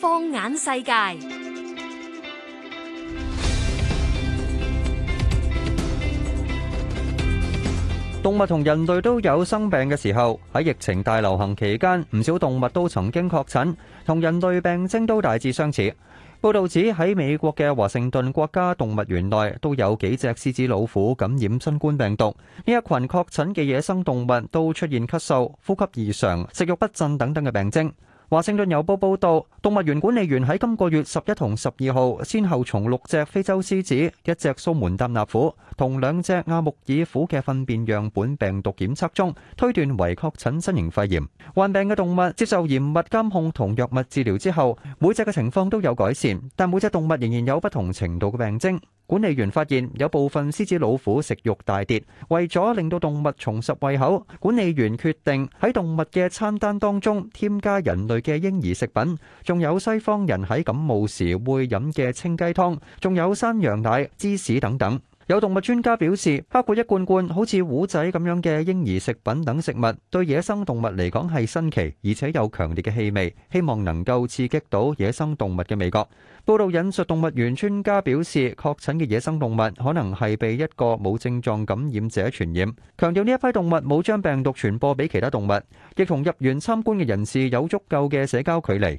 放眼世界，動物同人類都有生病嘅時候。喺疫情大流行期間，唔少動物都曾經確診，同人類病徵都大致相似。報道指喺美國嘅華盛頓國家動物園內，都有幾隻獅子老虎感染新冠病毒。呢一群確診嘅野生動物都出現咳嗽、呼吸異常、食慾不振等等嘅病徵。華盛頓郵報報道，動物園管理員喺今個月十一同十二號先後從六隻非洲獅子、一隻蘇門答臘虎同兩隻阿穆爾虎嘅糞便樣本病毒檢測中，推斷為確診新型肺炎。患病嘅動物接受嚴密監控同藥物治療之後，每隻嘅情況都有改善，但每隻動物仍然有不同程度嘅病徵。管理員發現有部分獅子老虎食慾大跌，為咗令到動物重拾胃口，管理員決定喺動物嘅餐單當中添加人類嘅嬰兒食品，仲有西方人喺感冒時會飲嘅清雞湯，仲有山羊奶、芝士等等。有動物專家表示，包括一罐罐好似虎仔咁樣嘅嬰兒食品等食物，對野生動物嚟講係新奇，而且有強烈嘅氣味，希望能夠刺激到野生動物嘅味覺。報道引述動物園專家表示，確診嘅野生動物可能係被一個冇症狀感染者傳染，強調呢一批動物冇將病毒傳播俾其他動物，亦同入園參觀嘅人士有足夠嘅社交距離。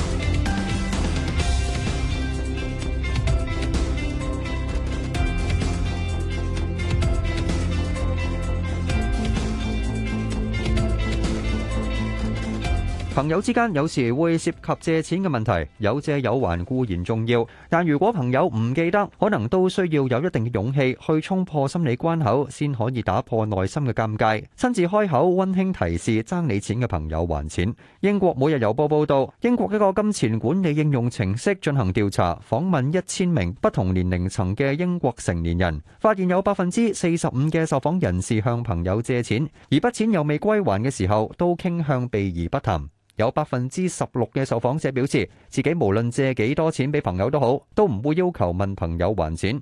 朋友之間有時會涉及借錢嘅問題，有借有還固然重要，但如果朋友唔記得，可能都需要有一定嘅勇氣去衝破心理關口，先可以打破內心嘅尷尬，親自開口溫馨提示爭你錢嘅朋友還錢。英國每日郵報報道，英國一個金錢管理應用程式進行調查，訪問一千名不同年齡層嘅英國成年人，發現有百分之四十五嘅受訪人士向朋友借錢，而筆錢又未歸還嘅時候，都傾向避而不談。有百分之十六嘅受訪者表示，自己無論借幾多錢俾朋友都好，都唔會要求問朋友還錢。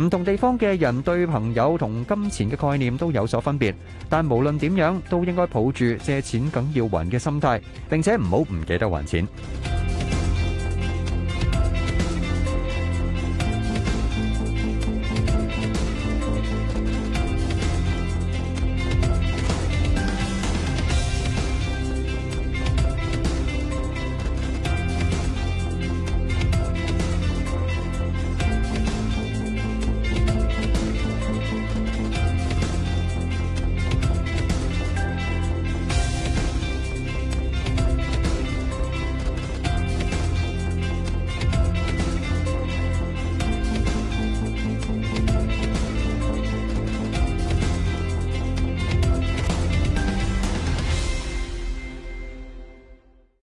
唔同地方嘅人對朋友同金錢嘅概念都有所分別，但無論點樣都應該抱住借錢梗要還嘅心態，並且唔好唔記得還錢。